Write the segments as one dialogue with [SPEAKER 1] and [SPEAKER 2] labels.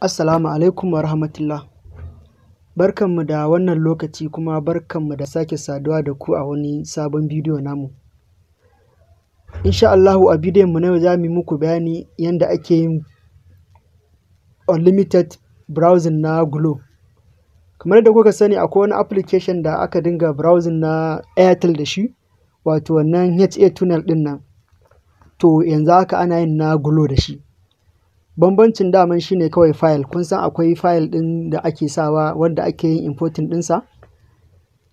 [SPEAKER 1] Assalamu alaikum wa rahmatullah. Barkanmu da wannan lokaci kuma barkanmu da sake saduwa da ku a wani sabon bidiyo namu. Insha Allahu a bidiyon mu na yau za mu yi muku bayani yanda ake yin unlimited browsing na Glo. Kamar da kuka sani akwai wani application da aka dinga browsing na Airtel da shi, wato wannan HA tunnel ɗin nan. To yanzu haka ana yin na Glo da shi. bambancin daman shine kawai file kun san akwai file ɗin da ake sawa wanda ake yin importing ɗinsa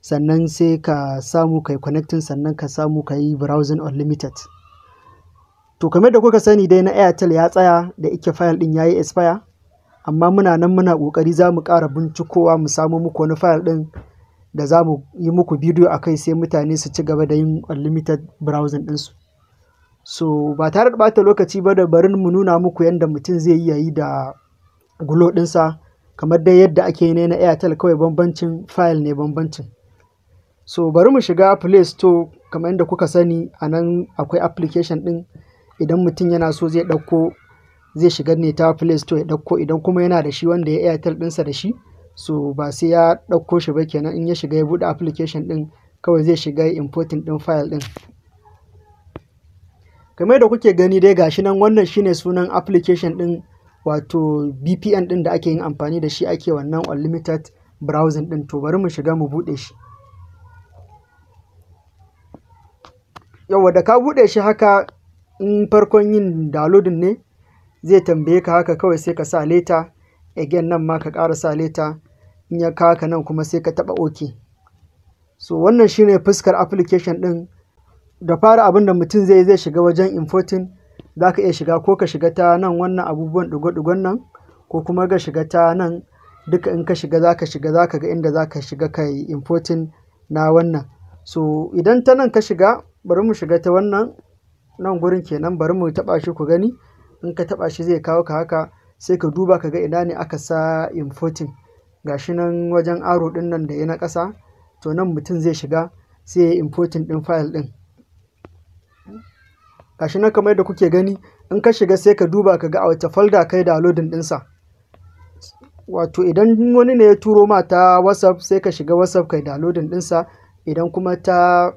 [SPEAKER 1] sannan sai ka samu kai connecting sannan ka samu ka yi browsing unlimited to kamar da kuka sani dai na airtel ya tsaya da ike file ɗin ya yi expire amma muna nan muna kokari za mu ƙara bincikowa mu samo muku wani file ɗin da za mu yi muku bidiyo akai sai mutane su ci gaba da yin unlimited browsing ɗinsu So ba tare da bata lokaci ba da barin mu nuna muku yadda mutum zai yi yayi da gulo ɗinsa kamar dai yadda ake ne na Airtel kawai bambancin file ne bambancin. So bari mu shiga Play Store kamar yadda kuka sani a nan akwai application din idan mutum yana so zai ɗauko zai shiga ne ta Play Store ya ɗauko idan kuma yana da shi wanda ya Airtel ɗinsa da shi so ba sai ya ɗauko shi ba kenan in ya shiga ya buɗe application ɗin kawai zai shiga importing ɗin file ɗin. kamar da kuke gani dai gashi nan wannan shine sunan application din wato VPN din da ake yin amfani da shi ake wannan unlimited browsing din to bari mu shiga mu bude shi yawa da ka bude shi haka in farkon yin downloading ne zai tambaye ka haka kawai sai ka sa leta again nan ma ka ƙara sa leta in ya ka ka nan kuma sai ka taɓa ok so wannan shine fuskar application ɗin da fara abin da mutum zai zai shiga wajen importing za ka iya shiga ko ka shiga ta nan wannan abubuwan ɗigo nan ko kuma ka shiga ta nan duka in ka shiga za ka shiga za ka ga inda za ka shiga ka yi importing na wannan so idan ta nan ka shiga bari mu shiga ta wannan nan gurin kenan bari mu taɓa shi ku gani in ka taba shi zai kawo ka haka sai ka duba ka ga ina ne aka sa importing gashi nan wajen aro ɗinnan nan da ya na ƙasa to nan mutum zai shiga sai ya yi ɗin file ɗin gashi na kamar da kuke gani in ka shiga sai ka duba ka ga a wace folder kai din sa wato idan wani ne ya turo ma ta whatsapp sai ka shiga whatsapp kai da din sa idan kuma ta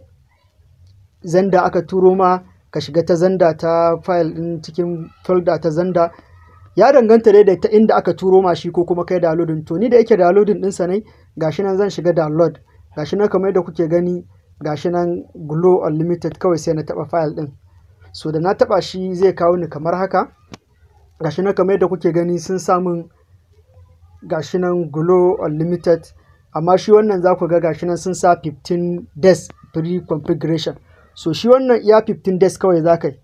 [SPEAKER 1] zanda aka turo ma ka shiga ta zanda ta file din cikin folder ta zanda ya danganta dai da ta inda aka turo ma shi ko kuma kai da loading to ni da yake da din sa ne gashi nan zan shiga download gashi nan kamar da kuke gani gashi nan glow unlimited kawai sai na taɓa file din. so da na taba shi zai kawo ni kamar haka gashi na kamar yadda kuke gani sun samun gashi nan glow unlimited amma shi wannan za ku ga gashi nan sun sa 15 days pre-configuration so shi wannan iya 15 days kawai za ka yi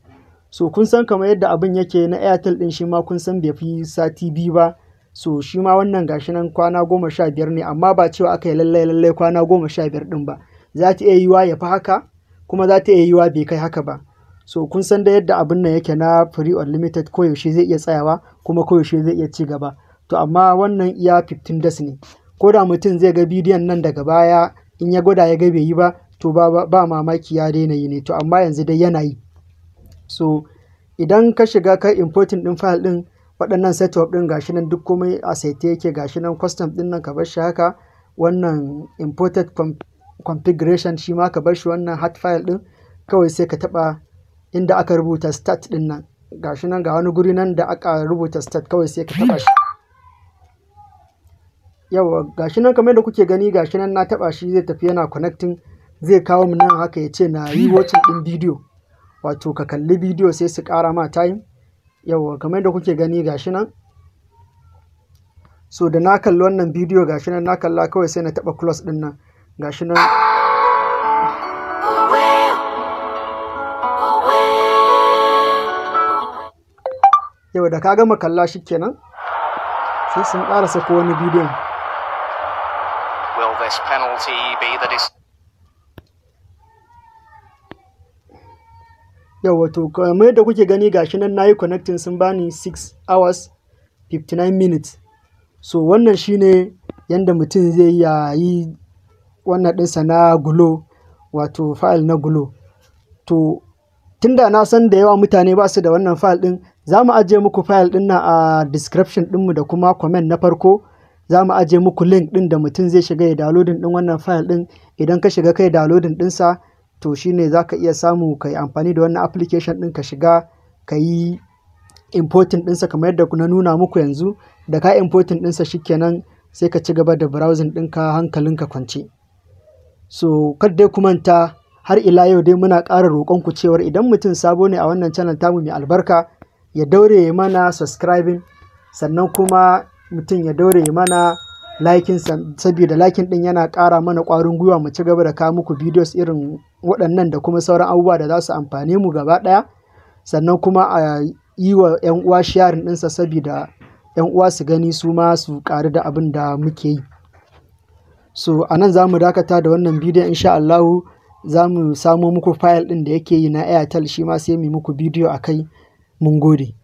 [SPEAKER 1] so kun san kamar yadda abin yake na airtel din shi ma kun san bai fi sati biyu ba so shi ma wannan gashi nan kwana goma sha biyar ne amma ba cewa aka yi lallai lallai kwana goma sha biyar din ba za ta iya yiwa ya fi haka kuma za ta iya yiwa bai kai haka ba so kun san da yadda abin nan yake na free unlimited koyaushe zai iya tsayawa kuma koyaushe zai iya ci gaba to amma wannan iya 15 das ne ko da mutum zai ga bidiyon nan daga baya in ya gwada ya ga bai yi ba to ba, ba mamaki ya daina yi ne to amma yanzu dai yana yi so idan ka shiga ka importing din file din waɗannan setup din gashi nan duk komai a saite yake gashi nan custom din nan ka bar shi haka wannan imported configuration shi ma ka bar shi wannan hard file din kawai sai ka taɓa inda aka rubuta stat ɗin nan gashi nan ga wani guri nan da aka rubuta stat kawai sai ka taɓa shi yawa gashi nan kamar da kuke gani gashi nan na taɓa shi zai tafi yana connecting zai kawo mu nan haka ya ce na yi watching ɗin bidiyo wato ka kalli bidiyo sai su ƙara ma time yawa kamar da kuke gani gashi nan so da na kalli wannan bidiyo gashi nan na kalla kawai sai na taɓa close ɗin nan gashi nan yau da ka gama kalla shi kenan sai sun ƙara sako wani bidiyon yau wato kamar da kuke gani gashi nan yi connecting sun bani 6 hours 59 minutes so wannan shine yadda mutum zai yayi wannan ɗinsa na gulo wato file na gulo to tunda na san da yawa mutane ba su da wannan file ɗin za mu ajiye muku fayil ɗin nan a description ɗinmu da kuma comment na farko za mu ajiye muku link ɗin da mutum zai shiga ya downloading din wannan fayil ɗin idan ka shiga kai downloading ɗinsa to shine za ka iya samu ka yi amfani da wannan application ɗin ka shiga ka yi importing ɗinsa kamar yadda na nuna muku yanzu da ka importing ɗinsa shikenan sai ka ci gaba da browsing hankalin hankalinka kwance so kar dai ku manta har ila yau dai muna ƙara roƙon ku cewar idan mutum sabo ne a wannan channel tamu mai albarka ya daure mana subscribing sannan kuma mutum ya daure mana likin saboda likin din yana ƙara mana ƙwarin gwiwa mu ci gaba da kawo muku videos irin waɗannan da kuma sauran abubuwa da za su amfane mu gaba ɗaya sannan kuma a yi wa 'yan uwa sharing ɗinsa saboda 'yan uwa su gani su ma su ƙaru da abin da muke yi so a nan za mu dakata da wannan bidiyon insha Allahu za mu samo muku fayil ɗin da yake yi na airtel shi ma sai mu yi muku bidiyo a kai Mun gode.